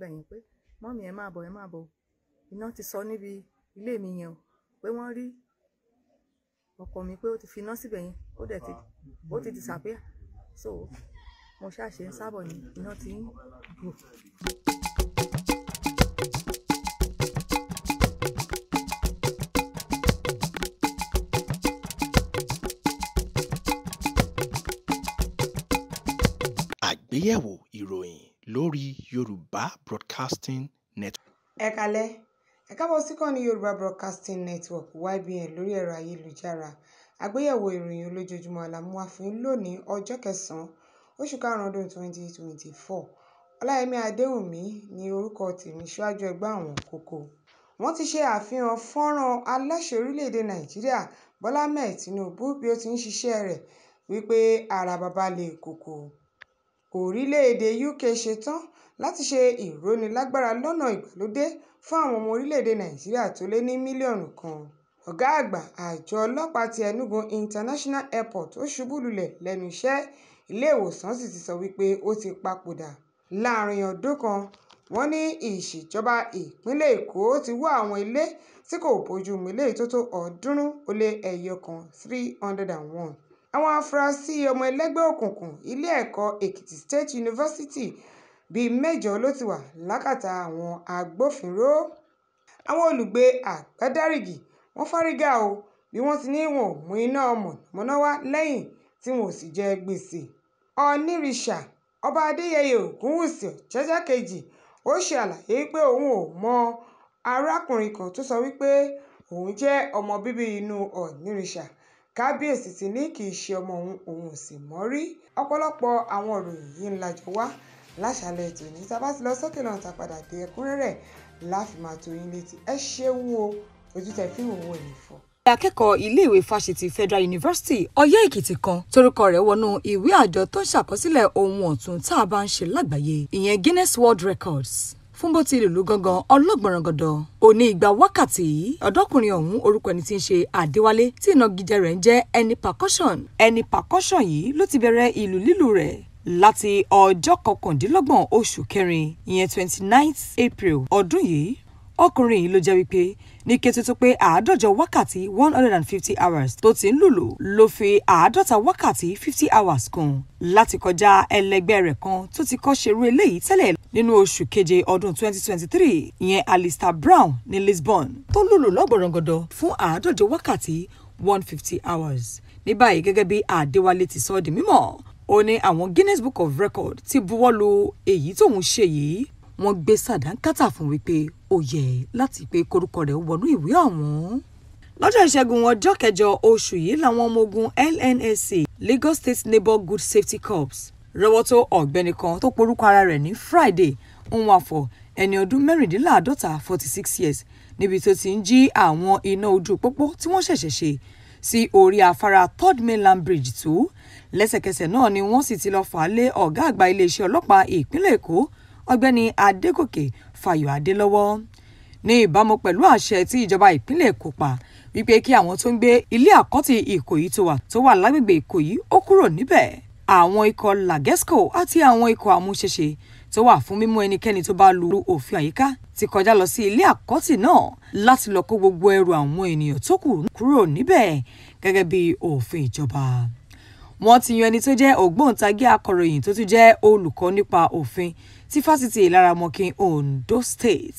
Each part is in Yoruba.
bẹ̀ yín pé mọ́mì ẹ máa bọ̀ ẹ máa bọ̀ iná ti sọ níbi ilé mi yẹn o pé wọ́n rí ọkọ mi pé ó ti fi iná síbẹ̀ yẹn ó dẹ̀ ti ó ti disappear so mo ṣàṣe ń sábọ̀ ni iná ti ń bù. àgbéyẹ̀wò ìròyìn lórí Yorùbá Broadcasting Network. Ẹ kalẹ́ ẹ káàbọ̀ sí ìkànnì Yorùbá Broadcasting Network YBN lórí ẹ̀rọ ayélujára àgbéyẹ̀wò ìròyìn olójoojúmọ́ alámúwá fún yín lónìí ọjọ́ kẹsàn-án oṣù karùn-ún ọdún 2024 Ọláyẹmí Adéwùnmí ni orúkọ tèmi ṣíwájú ẹgbẹ́ àwọn kókó wọ́n ti ṣe àfihàn fọ́nrán aláṣẹ orílẹ̀-èdè Nàìjíríà Bọ́lá Ahmed Tinubu bí ó ti ń ṣiṣẹ́ rẹ̀ wípé ara bàbá le koko orílẹ̀-èdè uk ṣetán láti ṣe ìrónilágbára lọ́nà ìgbàlódé fún àwọn ọmọ orílẹ̀-èdè nàìjíríà tó lé ní mílíọ̀nù kan ọ̀gá àgbà àjọ ọlọ́pàá ti enugu international airport tó ṣubú lulẹ̀ lẹ́nu iṣẹ́ ilé-ìwòsàn sì ti sọ wípé ó ti papòdà láàárín ọdún kan wọ́n ní ìṣèjọba ìpínlẹ̀ èkó ti wó àwọn ilé tí kò bójú mu eléyìí tó tó ọ̀ọ́dúnrún ó lé ẹyọ kan one àwọn afurasí ọmọ ẹlẹgbẹ́ òkùnkùn ilé-ẹ̀kọ́ èkìtì state university bíi mẹ́jọ ló ti wà lákàtà àwọn agbófinró àwọn olùgbé àgbàdarìgì wọ́n fárígá o bí wọ́n ti ní wọn ò mú iná mọ̀nàmọ́ná wá lẹ́yìn tí wọn ò sì jẹ gbèsè onírìṣà ọba adéyẹyẹ ògúnwúsì ọ̀jájá kejì ó ṣe àlàyé pé òun ò mọ arákùnrin kan tó sọ wípé òun jẹ́ ọmọ bíbí inú onírìṣà kábíyèsí ti ní kì í ṣe ọmọ òun òun ò sì mọ̀ rí ọ̀pọ̀lọpọ̀ àwọn ìròyìn yìí ń lajọ wá láṣàlẹ̀ ètò ní tá a bá ti lọ sókè náà tá a padà dé ẹ̀kúnrẹ́rẹ́ láfi máa tó yín létí ẹ ṣeun o ojú tẹ fíìmù wo ni fọ akẹ́kọ̀ọ́ iléèwé fásitì Federal University Ọ̀yẹ́ Èkìtì kan torúkọ rẹ̀ wọnú ìwé àjọ tó ń ṣàkọsílẹ̀ ohun ọ̀tun tá a bá ń ṣe lágbàáyé ìyẹn Guinness World Records fún bó ti lùlù gangan ọlọ́gbọ̀nràngọ̀dọ̀ òní ìgbà wákàtí ọ̀dọ́kùnrin ọ̀hún orúkọ ẹni tí ń ṣe àdéwálé tí ìnagijẹ rẹ̀ ń jẹ́ ẹni percussion ẹni percussion yìí ló ti bẹ̀rẹ̀ ìlù lílù rẹ̀ láti ọjọ́ kọkàndínlọ́gbọ̀n oṣù kẹrin ìyẹn twenty nine April ọdún yìí ọkùnrin yìí ló jẹ́ wípé ní kété tó pé àádọ́jọ wákàtí one hundred and fifty hours tó ti ń lùlù ló fi àádọ́ta wákàtí fifty hours kún láti kọjá ẹlẹgbẹ́ rẹ̀ kan tó ti kọ́ ṣerú eléyìí tẹ́lẹ̀ nínú oṣù keje ọdún 2023 ìyẹn Alistair Brown ní Lisbon tó lùlù lọ́gbọ̀rọ̀ngọ̀dọ̀ fún àádọ́jọ wákàtí 150 hours ní báyìí gẹ́gẹ́ bí Adéwálé ti sọ ọ́ di mímọ́ ó ní àwọn Guinness Book of Records ti buwọ́ lu èyí tóun ṣe yìí wọ́n gbé sàdánkátà fún wípé ó yẹ láti pé korúkọ rẹ̀ wọnú ìwé ọ̀hún. lọ́jọ́ ìṣẹ́gun ọjọ́ kẹjọ oṣù yìí làwọn ọmọ ogun LNSC Lagos State Neighborhood Safety Corps rọ́wọ́ tó ọ̀gbẹ́ni kan tó porúkọ ara rẹ̀ ní Friday Nwafor ẹni ọdún mẹ́rìndínláàádọ́ta forty six years níbi tó ti ń jí àwọn iná ojú pópó tí wọ́n ṣẹ̀ṣẹ̀ ṣe sí orí afárá Third Mainland Bridge two lẹ́sẹ̀kẹsẹ̀ náà ni wọ́n sì ti lọ́ọ́ fà á lé ọ̀gá àgbà iléeṣẹ́ ọlọ́pàá ìpínlẹ̀ Èkó ọ̀gbẹ́ni adégòkè fáyọ̀ adélọ́wọ́ ní ìbámu pẹ̀lú àṣẹ tí ìjọba ìpínlẹ̀ èkó pa wípé kí àwọn tó ń gbé ilé àkọ́tì ìkòyí tó wà tó wà lágbègbè ìkòyí ó kúrò níbẹ̀ àwọn ikọ̀ lagesco àti àwọn ikọ̀ amúṣẹṣe tó wà fún mímú ẹnikẹ́ni tó bá lu òfin àyíká ti kọjá lọ sí ilé àkọ́tì náà láti lọ kó gbogbo ẹrù àwọn ènìyàn tó kù kúrò níbẹ̀ gẹ́gẹ́ bí òfin ìjọba wọ́n ti yan ẹni tó jẹ́ ògbóǹtagí akọ̀ròyìn tó tún jẹ́ olùkọ́ nípa òfin ti fásitì ìlaramọ̀kìn Ondo State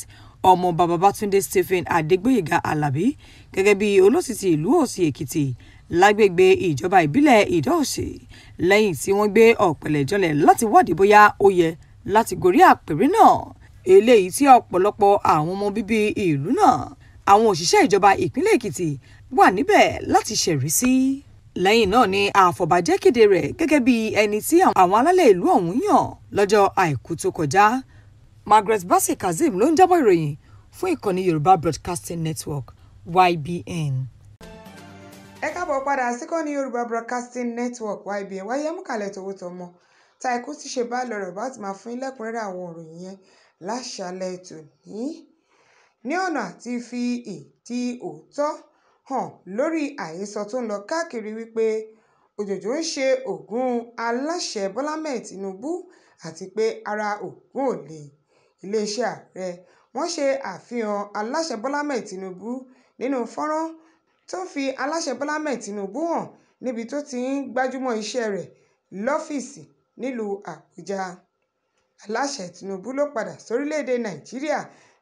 ọmọọba Babátúndé Stephen Adégbóyèga Alábí gẹ́gẹ́ bí olóòtú ti ìlú Òsì Èkìtì lágbègbè ìjọba ìbílẹ̀ Ìdó-Òsì lẹ́yìn tí wọ́n gbé ọ̀pẹ̀lẹ̀jọlẹ̀ láti wádìí bóyá ó yẹ láti gorí àpèrí náà eléyìí tí ọ̀pọ̀lọpọ̀ àwọn ọmọ bíbí ìlú náà àwọn òṣìṣẹ́ ìjọba ìpínlẹ̀ Èkìtì wà níbẹ̀ láti ṣẹ̀rí sí lẹ́yìn náà ni àfọ̀bàjẹ́ kéde rẹ̀ gẹ́gẹ́ bí ẹni tí àwọn alálẹ̀ ìlú ọ̀hún yàn lọ́jọ́ àìkú tó kọjá Margaret Bassey Kazeem ló ń jábọ̀ ìròyìn fún ìkànnì Yorùbá Broadcasting Network YBN ẹ káàbọ̀ padà síkọ́ni yorùbá broadcasting network ybn wáyé múkàlẹ̀ tòwó tọmọ ta ikú ti ṣe bá lọ́rọ̀ bá ti máa fún ilẹ̀kùnrẹ́rẹ́ àwọn ọ̀rọ̀ yẹn láṣálẹ́ tòní ní ọ̀nà àti fi ìdí hàn lórí àhesọ tó ń lọ káàkiri wípé òjòjò ń ṣe Ògún aláṣẹ Bọ́lá Ahmed Tinubu àti pé ara Ògún ò le. Ilé-iṣẹ́ Ààrẹ Wọ́n ṣe àfihàn aláṣẹ Bọ́lá Ahmed Tinubu nínú fọ́nràn tó ń fi aláṣẹ Bọ́lá Ahmed Tinubu hàn níbi tó ti ń gbájúmọ́ iṣẹ́ rẹ̀ lọ́fíìsì nílùú Àbújá. Aláṣẹ Tinubu ló padà sórílẹ̀-èdè Nàìjíríà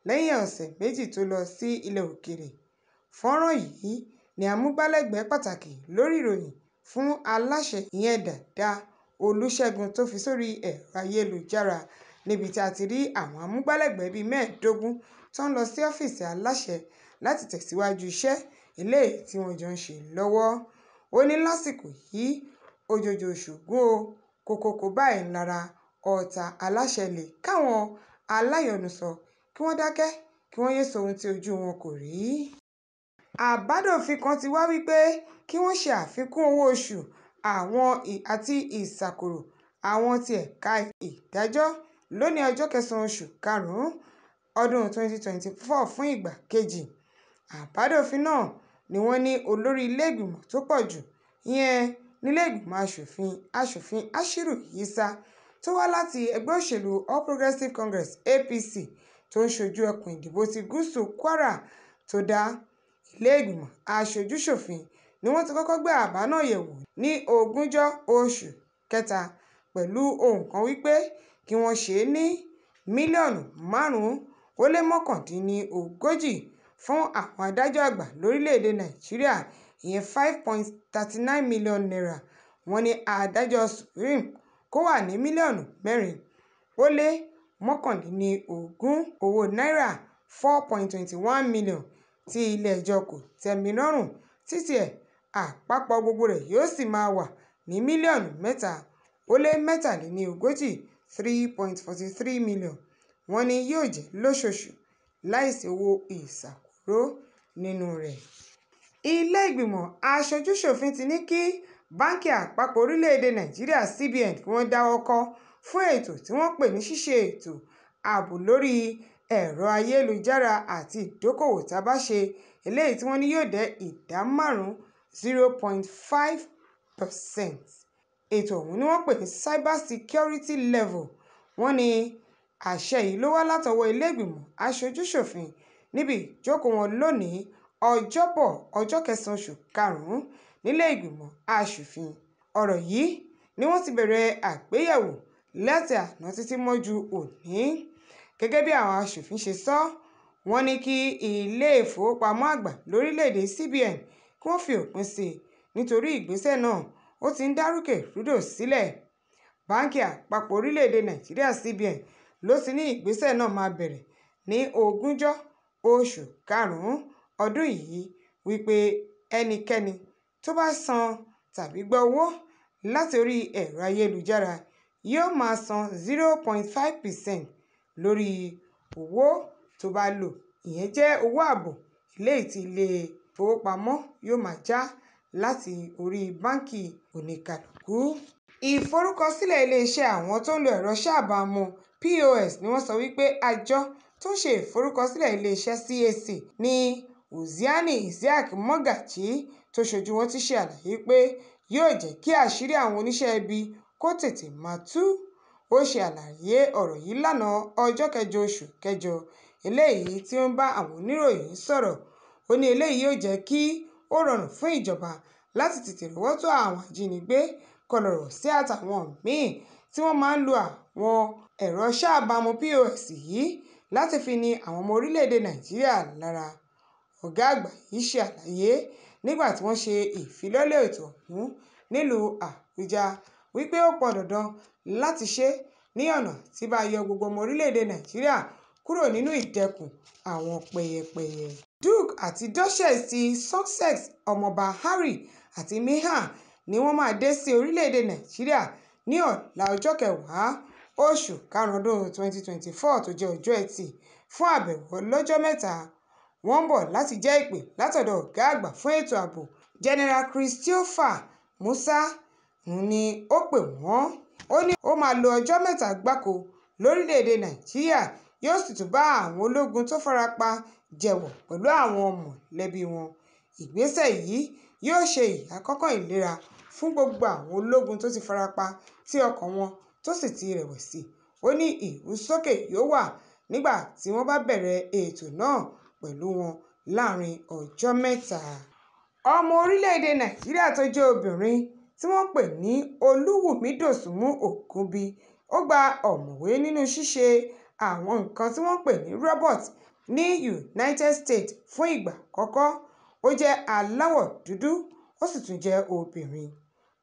lẹ́yìn ọ̀sẹ̀ méjì tó lọ sí ilẹ̀ òkèèrè. Fọ́nrán yìí ni amúgbálẹ́gbẹ̀ẹ́ pàtàkì lórí ìròyìn fún aláṣẹ ìyẹn Dàda Olúṣẹ́gun tó fi sórí ẹ̀rọ ayélujára, níbi tí a ti rí àwọn amúgbálẹ́gbẹ̀ẹ́ bíi mẹ́ẹ̀ẹ́dógún tó ń lọ sí ọ́fíìsì aláṣẹ láti tẹ̀síwájú iṣẹ́ eléyìí tí wọ́n jọ ń ṣe lọ́wọ́. Ó ní lásìkò yìí òjòjò ṣògo o, kòkòkò bá ẹni lára, ọ̀tá aláṣẹ lè káwọn aláyọ̀nùsọ kí wọ́n dákẹ́ kí wọ́n yé sọ ohun tí ojú wọn kò rí àbádòfin kan ti wá wípé kí wọ́n ṣe àfikún owó oṣù àwọn àti ìṣàkóso àwọn ti ẹ̀ka ìdájọ́ lóní ọjọ́ kẹsàn-án oṣù karùn-ún ọdún 2024 fún ìgbà kejì àbádòfin náà ni wọ́n ní olórí ilé-ìgbìmọ̀ tó pọ̀ jù ìyẹn nílé-ìgbìmọ̀ asòfin asòfin ashiru isa tó wá láti ẹgbẹ́ òṣèlú all progressives congress apc tó ń ṣojú ẹkùn ìdìbò ti gúúsù kwara tó dá ilé ìgbìmọ̀ aṣojúṣòfin ni wọ́n ti kọ́kọ́ gbé àbá náà yẹ̀wò ní ogúnjọ́ oṣù kẹta pẹ̀lú ohùn kan wípé kí wọ́n ṣe é ní mílíọ̀nù márùn-ún ó lé mọ́kàndínlógójì fún àwọn adájọ́ àgbà lórílẹ̀‐èdè nàíjíríà ìyẹn five point thirty nine million naira wọ́n ní adájọ́ supreme kó wà ní mílíọ̀nù mẹ́rin ó lé mọ́kàndínlógún owó naira four point twenty one million tí ilé-ẹjọ́ kò tẹ́mi lọ́rùn tí tiẹ̀ àpapọ̀ gbogbo rẹ̀ yóò sì máa wà ní mílíọ̀nù mẹ́ta ó lé mẹ́tàléníogójì three point forty three million wọ́n ní yóò jẹ́ lóṣooṣù láìsí owó ìṣàkúrò nínú rẹ̀. ilé ìgbìmọ̀ aṣojú-ṣòfin ti ní kí báńkì àpapọ̀ orílẹ̀-èdè nàìjíríà cbn kí wọ́n dáwọ́ kọ́ fún ètò tí wọ́n pè ní ṣíṣe ètò ààbò lórí ẹ̀rọ ayélujára àti ìdókòwò tá a bá ṣe eléyìí tí wọ́n ní yóò dé ìdá márùn-ún zero point five percent. Ètò ọ̀hún ni wọ́n pè ní Cyber Security Level. Wọ́n ní àṣẹ yìí ló wá látọwọ́ ilé ìgbìmọ̀ aṣojú-ṣòfin níbi ìjókòó wọn lónìí ọjọ́bọ̀ ọjọ́ kẹsàn-án oṣù karùn-ún nílé ìgbìmọ̀ aṣòfin. Ọ̀rọ̀ yìí ni wọ́n ti bẹ̀rẹ̀ àgbéyẹ̀wò láti àná títí mọ́jú òní gẹ́gẹ́ bí àwọn aṣòfin ṣe sọ wọ́n ní kí ilé ìfowópamọ́ àgbà lórílẹ̀‐èdè cbn kí wọ́n fi òpin sí i nítorí ìgbésẹ̀ náà ó ti ń dárúkè rúdò sílẹ̀ báńkì àpapọ̀ orílẹ̀‐èdè nàìjíríà cbn ló ti ní ìgbésẹ̀ náà máa bẹ̀rẹ̀ ní ogúnjọ́ oṣù karùn-ún ọdún yìí wípé ẹnikẹ́ni tó bá san tàbí gba owó láti orí ẹ̀rọ ayélujára yóò máa san zero point five percent lórí owó tó bá lò. Ìyẹn jẹ́ owó ààbò eléyìí tí ilé ìfowópamọ́ yóò máa já láti orí báǹkì oníkálukú. Ìforúkọsílẹ̀ ilé iṣẹ́ àwọn tó ń lo ẹ̀rọ ṣàbámọ̀ POS ni wọ́n sọ wípé àjọ tó ń ṣe ìforúkọsílẹ̀ ilé iṣẹ́ CAC ní Uziani Isaac Mogaji tó ṣojú wọn ti ṣe àlàyé pé yóò jẹ́ kí àṣírí àwọn oníṣẹ́ ibi kó tètè máa tú ó ṣe àlàyé ọ̀rọ̀ yìí lánàá ọjọ́ kẹjọ oṣù kẹjọ eléyìí tí ó ń bá àwọn oníròyìn sọ̀rọ̀ ó ní eléyìí yóò jẹ́ kí ó rọrùn fún ìjọba láti tètè rówó tó àwọn ajínigbé kọlọ̀rọ̀ sí àtàwọn míì tí wọ́n máa ń lo àwọn ẹ̀rọ ṣáàbàmù pọ́s yìí láti fi ni àwọn ọmọ orílẹ̀-èdè nàìjíríà lára ọ̀gá àgbà yìí ṣe àlàyé nígbà tí wọ́n ṣe ìfilọ́lẹ̀ ètò ọ̀hún nílùú àbújá wípé ó pọn dandan láti ṣe ní ọ̀nà tí bá yọ gbogbo ọmọ orílẹ̀-èdè Nàìjíríà kúrò nínú ìdẹkùn àwọn pẹyẹpẹyẹ. Duke àti Duchess ti Sussex Ọmọọba Harry àti Meghan ni wọ́n máa dé sí orílẹ̀-èdè Nàìjíríà ní ọ̀la ọjọ́ kẹwàá oṣù karùn-ún ọdún 2024 tó jẹ́ ọjọ́ Ẹtì fún àbẹ̀wò ọlọ́jọ́ mẹ́ta. Wọ́n ń bọ̀ láti jẹ́ ìpè látọ̀dọ̀ Ọ̀gá Àgbà fún Ètò Ààbò General Christopher Musa ni ó pè wọ́n ó ní ó máa lo ọjọ́ mẹ́ta gbáko lórílẹ̀‐èdè nàíjíríà yóò sì tún bá àwọn ológun tó fara pa jẹ́wọ́ pẹ̀lú àwọn mọ̀lẹ́bí wọn ìgbésẹ̀ yìí yóò ṣe ìdákọ́ńkọ́ ìlera fún gbogbo àwọn ológun tó ti fara pa tí ọkàn wọn tó sì ti rẹ̀wẹ̀sì ó ní ìrusókè yóò wà nígbà tí wọ́n bá bẹ̀rẹ̀ ètò náà pẹ̀lú wọn láàrin ọjọ́ mẹ́ta ọmọ orílẹ̀‐èdè nàíjíríà tó jẹ́ obìnrin tí wọ́n pè ní olúwùmí dòsùnmú ògúnbí ó gba ọ̀mọ̀wé nínú ṣíṣe àwọn nǹkan tí wọ́n pè ní robot ní united states fún ìgbà àkọ́kọ́ ó jẹ́ aláwọ̀ dúdú ó sì tún jẹ́ obìnrin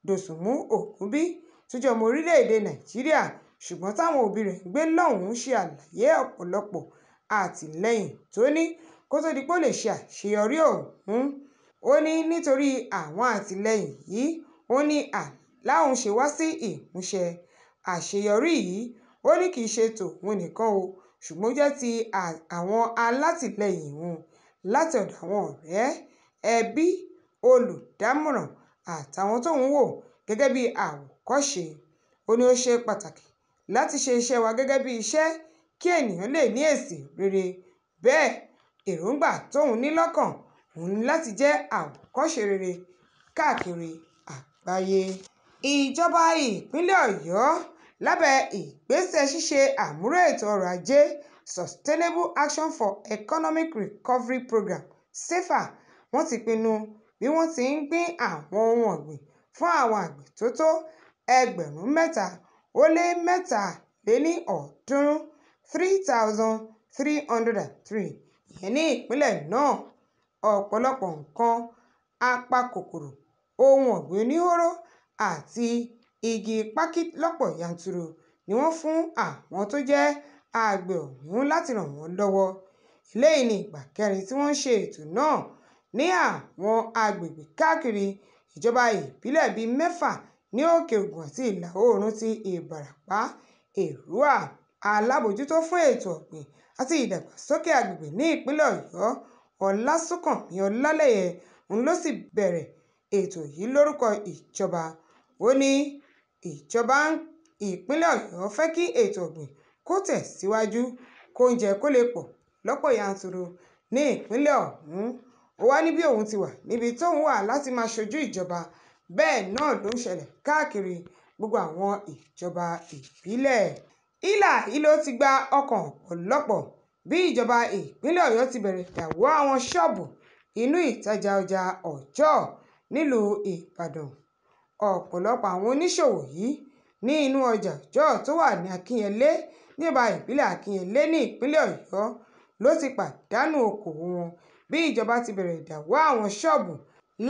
dòsùnmú ògúnbí tó jẹ́ ọmọ orílẹ̀-èdè nàìjíríà ṣùgbọ́n táwọn òbí rẹ̀ ń gbé lọ́hùn-ún ṣe àlàyé ọ̀pọ̀lọpọ̀ àtìlẹ́yìn tó ní kó tó di pé ó lè ṣe àṣeyọrí ọ̀hún ó ní nítorí àwọn àtìlẹ́yìn yìí ó ní à láòun ṣe wá sí ìmúṣẹ àṣeyọrí yìí ó ní kì í ṣe tòun nìkan o ṣùgbọ́n ó jẹ́ ti àwọn alátìlẹyìn òun láti ọ̀dọ̀ àwọn ọ̀rẹ́ ẹbí olùdámọ̀ràn àtàwọn tóun wò gẹ́gẹ́ bí àwòkọ́ṣe ó ní ó ṣe pàtàkì láti ṣe iṣẹ́ wa gẹ́gẹ́ bí iṣẹ́ kí ènìyàn lè ní èsì rere bẹ́ẹ̀ èròǹgbà tóun ní lọ́kàn òun ni láti jẹ́ àwòkọ́ṣe rere káàkiri àgbáyé. Ìjọba ìpínlẹ̀ Ọ̀yọ́ lábẹ́ ìgbésẹ̀ ṣíṣe àmúrò ètò ọrọ̀ ajé Sustainable Action for Economic Recovery Programme (SECEF) wọ́n ti pinnu bí wọ́n ti ń pín àwọn ohun ọ̀gbìn fún àwọn àgbẹ̀ tó tó hundred three. ìyẹn ní ìpínlẹ̀ náà. Ọ̀pọ̀lọpọ̀ nǹkan apakòkòrò ohun ọ̀gbìn oníhóró àti igi pákí lọ́pọ̀ yanturu ni wọ́n fún àwọn tó jẹ́ àgbẹ̀ ọ̀hún láti ràn wọ́n lọ́wọ́ eléyìí ni ìgbà kẹrin tí wọ́n ń ṣe ètò náà ní àwọn agbègbè káàkiri ìjọba ìbílẹ̀ bíi mẹ́fà ní òkè ògùn àti ìlà oòrùn ti ìbarapá èrúwà alábòjútó fún ètò ọ̀gbìn àti ìdàgbàsókè agbègbè ní ìpínlẹ̀ ọ̀yọ́ ọlásùnkànmí ọlálẹyé òun ló sì bẹ̀rẹ̀ ètò yìí lórúkọ ìjọba ó ní ìjọba ìpínlẹ̀ ọ̀yọ́ fẹ́ kí ètò ọ̀gbìn kó tẹ̀ síwájú kóúnjẹ kó lè pọ̀ lọ́pọ̀ yanturu ní ìpínlẹ̀ ọ̀hún ó wá ní bí òun ti wà níbi tóun wà láti máa ṣojú ìjọba bẹ́ẹ̀ náà ló ń ṣẹlẹ̀ káàkiri gbogbo àwọn ìjọba ìbílẹ̀ ìlà ìlò ti gba ọkàn ọ̀pọ̀lọpọ̀ bí ìjọba ìpínlẹ̀ ọ̀yọ́ ti bẹ̀rẹ̀ dàwó àwọn ṣọ́ọ̀bù inú ìtajà ọjà ọjọ́ nílùú ìbàdàn ọ̀pọ̀lọpọ̀ àwọn oníṣòwò yìí ní inú ọjà joy tó wà ní akínyẹlé níjọba ìbílẹ̀ akínyẹlé ní ìpínlẹ̀ ọ̀yọ́ ló ti pàdánù okòwò wọn bí ìjọba ti bẹ̀rẹ̀ ìdàwó àwọn ṣọ́ọ̀bù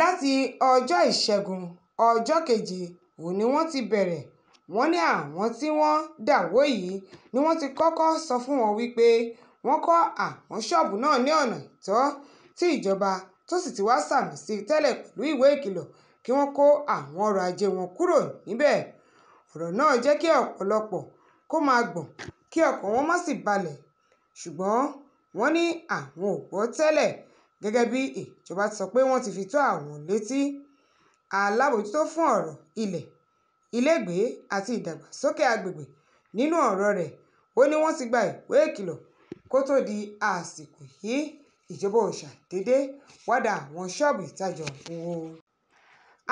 láti ọjọ́ ìṣẹ́gun ọjọ́ keje ọ̀hún ni wọ́n ti bẹ̀rẹ̀ wọ́n ní àwọn tí wọ́n dàwó yìí ni wọ́n ti kọ́kọ́ sọ fún wọn wípé wọ́n kọ́ àwọn ṣọ́ọ̀bù náà ní ọ̀nà ìtọ́ tí ìjọba tó sì ti wá sàmì sí i tẹ́lẹ̀ pẹ̀lú ìwé ìkìlọ̀ kí wọ́n kó àwọn ọrọ̀ ajé wọn kúrò níbẹ̀ ọ̀rọ̀ náà jẹ́ kí ọ̀pọ̀lọpọ̀ kó máa gbọ̀n kí ọkàn wọn má sì balẹ̀ ṣùgbọ́n wọ́n ní àwọn ò gbọ́ tẹ́lẹ̀ gẹ́gẹ́ bí ìjọba ti sọ pé wọ́n ti fi tó àwọn létí alábòjútó fún ọ̀rọ̀ ilẹ̀ ilégbèé àti ìdàgbàsókè agbègbè nínú ọ̀rọ̀ rẹ̀ ó ní wọ́n ti gba ìwé ìkìlọ̀ kó tó di àsìkò yìí ìjọba òòṣà déédé wá da àwọn ṣọ́ọ̀bù ìtajà ọ̀hún wó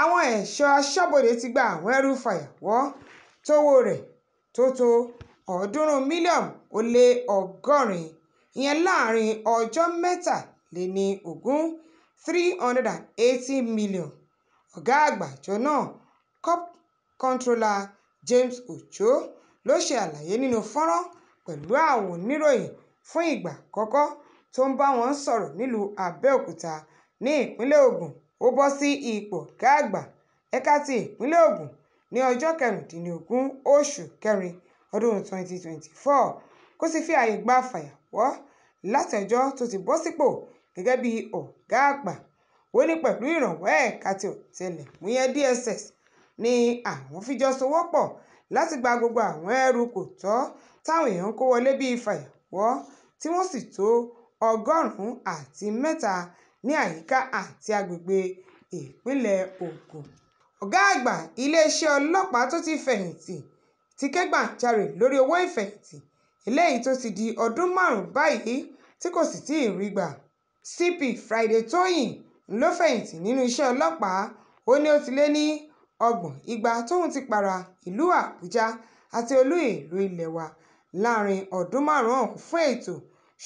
àwọn ẹ̀ṣọ́ aṣọ́bodè ti gba àwọn ẹrù fàyàwọ́ tówó rẹ̀ tó tó ọ̀ọ́dúnrún mílíọ̀nù ó lé ọgọ́rin ìyẹn láàrin ọjọ́ mẹ́tàléní ogún three hundred and eighty million ọ̀gá àgbà àjọ náà cop controller James Ojo ló ṣe àlàyé nínú fọ́nrán pẹ̀lú àwọn oníròyìn fún ìgbà àkọ́kọ́ tó ń bá wọn sọ̀rọ̀ nílùú àbẹ́òkúta ní ìpínlẹ̀ ògùn ó bọ́ sí ipò ọ̀gá àgbà ẹ̀ka ti ìpínlẹ̀ ogun ní ọjọ́ kẹrìndínlógún oṣù kẹrin ọdún 2024 kó sì fi àyè gba fàyàwọ́ láti ọjọ́ tó ti bọ́ sípò gẹ́gẹ́ bí ọ̀gá àgbà ó ní pẹ̀lú ìrànwọ́ ẹ̀ka ti ọ̀tẹlẹ̀múyẹ́ DSS ni àwọn fi jọ sowọ́pọ̀ láti gba gbogbo àwọn ẹrù kò tọ́ táwọn èèyàn ń kó wọlé bíi fàyàwọ́ tí wọ́n sì tó ọgọ́rùn-ún àti mẹ́ta ní àyíká àti agbègbè ìpínlẹ̀ Ògùn. Ọ̀gá àgbà iléeṣẹ́ ọlọ́pàá tó ti fẹ̀yìntì ti kẹ́gbajarè lórí owó ìfẹ̀yìntì eléyìí tó ti di ọdún márùn-ún báyìí tí kò sì tíì rí gbà. CP Friday Tóyìn ló fẹ̀yìntì nínú iṣẹ́ ọlọ́pàá, ó ní ó ti lé ní ọgbọ̀n ìgbà tóun ti pààrà ìlú Àbújá àti olú-ìlú ilé wa láàárín ọdún márùn-ún ọ̀hún fún ètò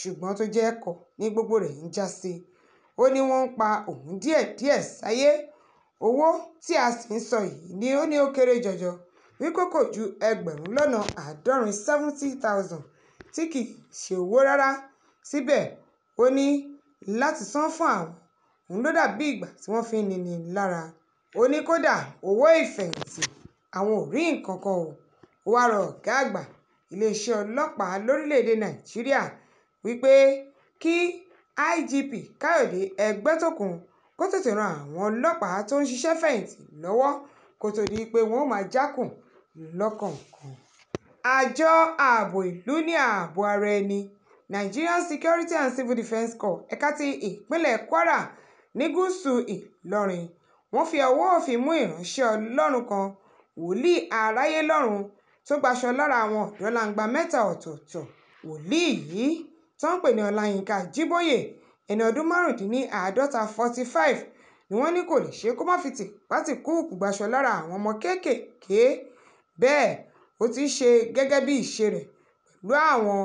ṣùgbọ́n tó jẹ́ ẹ̀kọ́ ní gbogbo rẹ̀ ń já sí ó ní wọ́n ń pa òun díẹ̀díẹ̀ sáyé owó tí a sì ń sọ yìí ni ó ní ó kéré jọjọ wípé kò ju ẹgbẹ̀rún lọ́nà àádọ́rin seventy thousand tí kì í ṣe owó rárá síbẹ̀ ó ní láti san fún àwọn òun ló dàbí ìgbà tí wọ́n fi ń nini lára ó ní kódà owó ìfẹ̀yìntì àwọn ò rí nǹkan kan o ó wá rọ ọ̀gá àgbà iléeṣẹ́ ọlọ́pàá lórílẹ̀‐èdè nàìjíríà wípé kí igp káyọ̀dé ẹgbẹ́tòkun kó tètè ran àwọn ọlọ́pàá tó ń ṣiṣẹ́ fẹ̀yìntì lọ́wọ́ kó tóó di pé wọn ó máa jákùn lọ́kọ̀ọ̀kan àjọ ààbò ìlú ní ààbò ara ẹni nigerian security and civil defence corps ẹ̀ka ti ìpínlẹ̀ kwara ní gúúsù ìlọrin wọ́n fi ọwọ́ òfin mú ìránṣẹ́ ọlọ́run kan wòlíì aráyélọ́run tó gbaṣọ lára àwọn ọ̀dọ́langba mẹ́ta ọ̀tọ̀ọ̀tọ̀ wòlíì yìí tó ń pè ní ọláyínká àjíbóyè ẹni ọdún márùndínláàádọ́ta forty five ni wọ́n ní kó lè ṣeé kó má fi tìpátìkúùkù gbaṣọ lára àwọn ọmọ kéékèèké bẹ́ẹ̀ ó ti ṣe gẹ́gẹ́ bí ìṣe rẹ̀ pẹ̀lú àwọn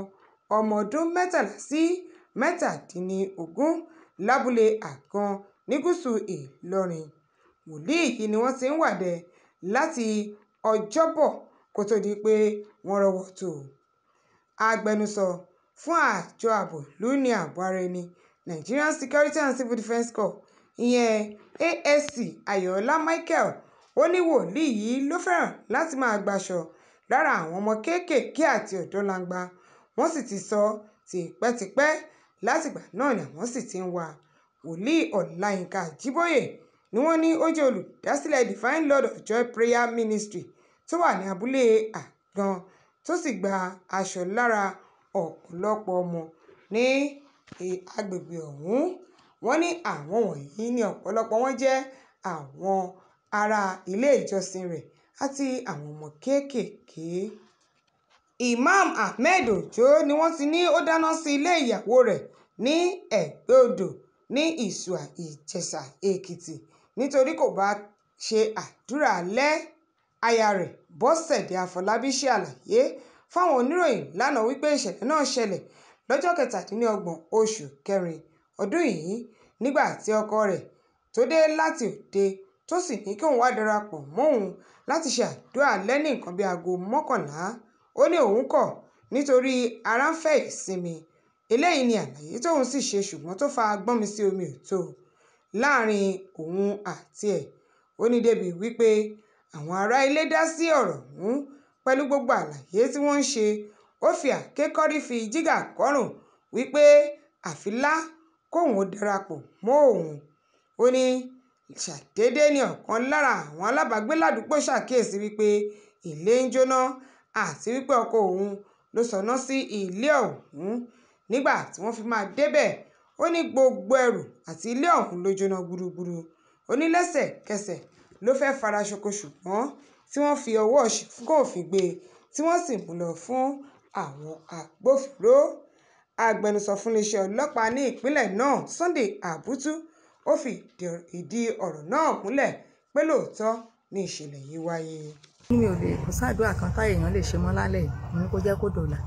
ọmọ ọdún mẹ́tàlá sí mẹ́tàdínlógún lábúlé àgàn ní gúúsù ìlọrin wòlíì yìí ni wọ́n ti ń wàdẹ láti ọjọ́bọ̀ kó tóó di pé wọ́n rọ́wọ́ tó agbẹnusọ fún àjọ ààbò lórí ààbò ara ẹni nigerian security and civil defence corps ìyẹn asc ayọ̀ọ́lá michael ó ní wòlíì yìí ló fẹ́ràn láti máa gbaṣọ lára àwọn ọmọ kéékèèké àti ọ̀dọ́langba wọ́n sì ti sọ tipẹ́tipẹ́ látìgbà náà ni àwọn sì ti ń wá wòlíì ọláyínká àjíbóyè ni wọ́n ní ó jẹ́ olùdásílẹ̀ divine lord of joy prayer ministry tó wà ní abúlé àgbọn tó sì gba aṣọ lára ọ̀pọ̀lọpọ̀ ọmọ ní e, agbègbè ọ̀hún. Wọ́n ní àwọn wọ̀nyí ni ọ̀pọ̀lọpọ̀ wọn jẹ́ àwọn ará ilé ìjọsìn rẹ̀ àti àwọn ọmọ kéékèèké. Imam Ahmed Ojo ni wọ́n ti ní ó dáná sí ilé ìyàwó rẹ̀ ní Ẹ̀gbẹ́ Odò ní Ìṣúà, Ìjẹ̀ṣà, Èkìtì nítorí kò bá ṣe àdúrà alẹ́. Aya rẹ̀, Bọ́sẹ̀dé Àfọlábí ṣe àlàyé fáwọn oníròyìn lánàá wípé ìṣẹ̀lẹ̀ náà ṣẹlẹ̀ lọ́jọ́ kẹtàdínlọ́gbọ̀n oṣù kẹrin ọdún yìí nígbà tí ọkọ rẹ̀ tó dé láti òde tó sì ní kí òun wá darapọ̀ mọ́òun láti ṣe àdúrà alẹ́ ní nǹkan bí aago mọ́kànlá ó ní òun kọ̀ nítorí ara ń fẹ́ ìsinmi eléyìí ni àlàyé tóun sì ṣe ṣùgbọ́n tó fa gbọ́nmi sí omi ò tó láàrin òun àti ẹ̀ ó ní débi wípé àwọn ará ilé dá sí ọ̀rọ̀ ọ̀hún pẹ̀lú gbogbo àlàyé tí wọ́n ń ṣe ó fi àkékọ́rí fi jígà kọ́rùn wípé àfi lá kóun ó darapọ̀ mọ́ òun ó ní ṣàdédé ni ọ̀kan lára àwọn alábàágbé ládùúgbò ṣàkíyèsí wípé ilé ń jóná àti wípé ọkọ òun ló sọná sí ilé ọ̀hún nígbà tí wọ́n fi máa débẹ̀ ó ní gbogbo ẹrù àti ilé ọ̀hún ló jóná gbúgbúrú ó ní lẹ́sẹ̀kẹsẹ̀ ló fẹ́ fara ṣoko ṣùgbọ́n tí wọ́n fi ọwọ́ ṣìgún-òfìn gbé e tí wọ́n sì mú un lọ fún àwọn agbófinró. Agbẹnusọ fún iléeṣẹ́ ọlọ́pàá ní ìpínlẹ̀ náà Sunday Abutu ò fìdí ọ̀rọ̀ náà múlẹ̀ pé lóòótọ́ ni ìṣẹ̀lẹ̀ yìí wáyé. mo ní mi ò lè kó sáàdúrà kan táyé èèyàn lè ṣe mọ́ lálẹ́ yìí mo ní kó jẹ́ kó dọ̀là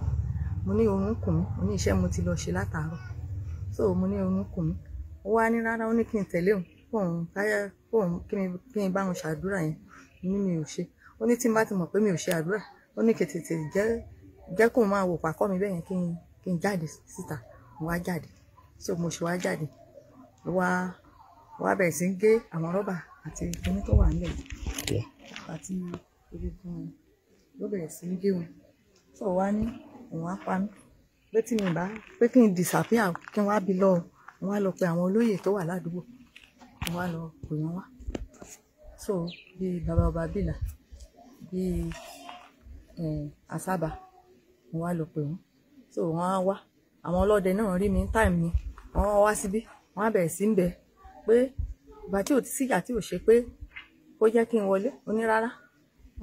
mo ní oorun kùn mí mo ní iṣẹ́ mo ti lọ ṣe látàárọ̀ so mo ní oorun kùn mí ó wá ní rárá ó ní kí n tẹ̀lé òun kí n bá òun ṣàdúrà yẹn ní mi ò ṣe ó ní tí n bá ti mọ̀ pé mi ò ṣe àdúrà ó ní kètètè jẹ́ jẹ́ kó máa wò pàkọ́ mi bẹ́ẹ̀ yẹn kí n kí n jáde síta mo wá jáde so mo ṣe wá jáde wá wá bẹ̀rẹ̀ sí ń gé àwọn rọ́bà àti oní tó wà nílẹ̀ àti egungun ló bẹ̀rẹ̀ sí ń gé wọn so wá ní òun á pa mí pé tí mi bá pé kí n disappear kí n wá bi lọ òun á lọ pe àwọn olóyè tó wà ládùúgbò òun á lọ pè wọ́n wá so bíi bàbá ọba bìlà bíi asaba mo wá lọ pè wọ́n so wọ́n á wá àwọn ọlọ́dẹ náà rí mi táìmù mi wọ́n wá síbí wọ́n á bẹ̀rẹ̀ sí ń bẹ pé ìgbà tí ò ti síyà tí ò ṣe pé ó jẹ́ kí n wọlé ó ní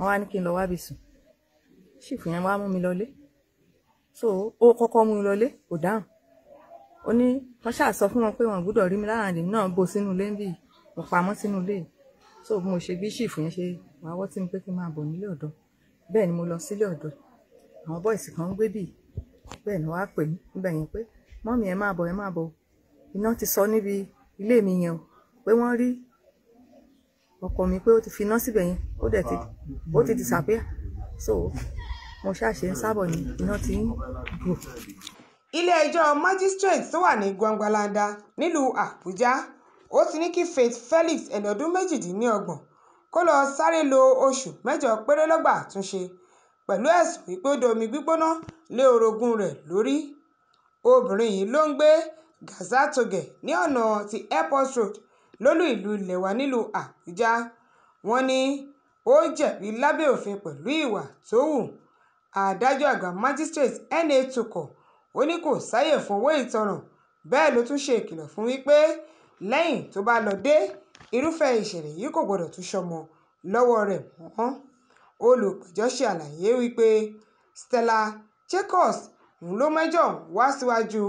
wá ní kí n lọ wábi sùn ṣìfù yẹn wá mú mi lọlé so ó kọ́kọ́ mú mi lọlé kò dáhùn ó ní wọ́n ṣáà sọ fún wọn pé wọ́n gbọ́dọ̀ rí mi lára àdé náà bó sínú ilé ń bì wọ́n sínú ilé yìí so mo ṣe bí ṣìfù yẹn ṣe wàá wọ́ tí mi pé kí n máa bọ̀ nílé ọ̀dọ́ bẹ́ẹ̀ ni mo lọ sílé ọ̀dọ́ àwọn bọ́ìsì kan ń gbé bì bẹ́ẹ̀ ni wàá pè mí níbẹ̀ yẹn pé mọ́mì ẹ máa bọ̀ ẹ máa bọ̀ iná ti sọ níbi ilé mi yẹn o pé wọ́n rí ọkọ mi pé ó ti fi iná síbẹ̀ yẹn ó dẹ̀ ti ó ti disappear so mo ṣàṣe ń sábọ̀ ni iná ti ń bù. ilé ẹjọ́ magistrate tó wà ní Gwangwalada nílùú Àbújá ó ti ní kí faith felix ẹni ọdún méjìdínlọ́gbọ̀n kó lọ́ọ́ sáré lo oṣù mẹ́jọ péré lọ́gbà àtúnṣe pẹ̀lú ẹ̀sùn wípé ó da omi gbígbóná lé orogún rẹ̀ lórí obìnrin yìí ló ń gbé gazatoge ní ọ̀nà ti airport road lólú ìlú ilẹ̀wà nílùú àbújá wọ́n ní ó jẹ̀bi lábẹ́ òfin pẹ̀lú ìwà tó hù adájọ́ àgbà magistrate na tukọ̀ ó ní kò sáàyè fún owó ìtanràn bẹ́ẹ̀ ló tún ṣe ìkìlọ̀ fún wípé lẹ́yìn tó bá lọ dé irúfẹ́ ìṣẹ̀lẹ̀ yìí kò gbọdọ̀ tún ṣọmọ lọ́wọ́ rẹ̀ mọ́ olùpẹ̀jọ́ ṣe àlàyé wípé stella jacobs òun ló mẹ́jọ́ òun wá síwájú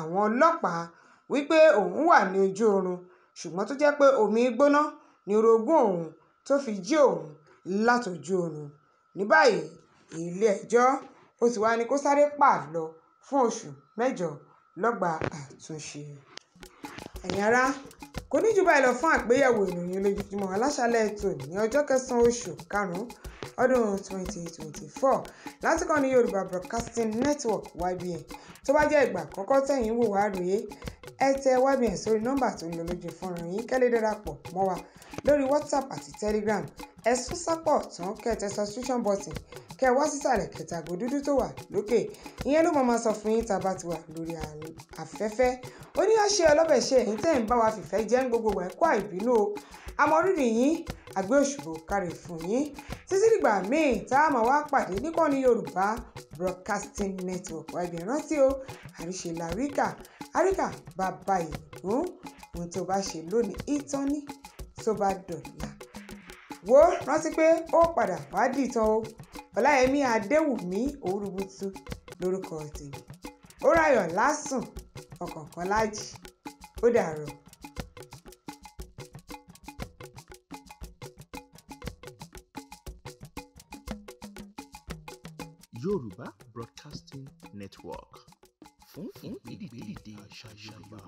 àwọn ọlọ́pàá wípé òun wà ní ojú oorun ṣùgbọ́n tó jẹ́ pé omi gbóná ni orogún òun tó fi jí òun látòjú oorun ní báyìí ilé-ẹjọ́ ó ti wá ní kó sáré pààlọ́ fún oṣù mẹ́jọ lọ́gbà àtúnṣe ẹ̀yin ará kò ní jù báyìí lọ fún àgbéyẹ̀wò ìròyìn lójoojúmọ́ aláṣálẹ̀ ètò ní ọjọ́ kẹsàn-án oṣù karùn-ún ọdún 2024 láti kàn ní Yorùbá Broadcasting Network YBN tó bá jẹ́ ìgbà àkọ́kọ́ tẹ̀yin wò wá rèé ẹ tẹ YBN sórí nọ́mbà tó ń lọ lójú fọ́nrán yín kẹ́lẹ́ darapọ̀ mọ́ wa lórí WhatsApp àti Telegram ẹ sún sápọ̀ tán kẹ́ subscription button kẹ wá sísàlẹ̀ kẹtàgò dúdú tó wà lókè ìyẹn ló máa ma sọ fún yín tá a bá ti wà lórí afẹ́fẹ́ ó ní àṣẹ ọlọ́bẹ̀ ṣe èyí tẹ̀ ń bá wa fìfẹ́ jẹ́ ń gbogbo wà ẹ̀kọ́ àìbínú o àmọ́rírì yín àgbẹ̀ òṣùbò káre fún yín títí dìgbà míì tá a máa wá pàdé níkànnì Yorùbá Broadcasting Network wà ẹgbẹ́ rántí o àríṣe làríkà àríkà bàbá ìlú ohun tó bá ṣe lónìí ìtàn tó bá dọ̀la wo rántí pé ó padà wá dìtàn o ọláyẹmí adéwùmí òwúrúbùtú lórúkọ tèmi ó ráyọ̀ lásùn ọ̀kọ̀ọ̀kan lájì ó dàárọ̀. Yorùbá Broadcasting Network fún ìgbèdéde àṣà Yorùbá.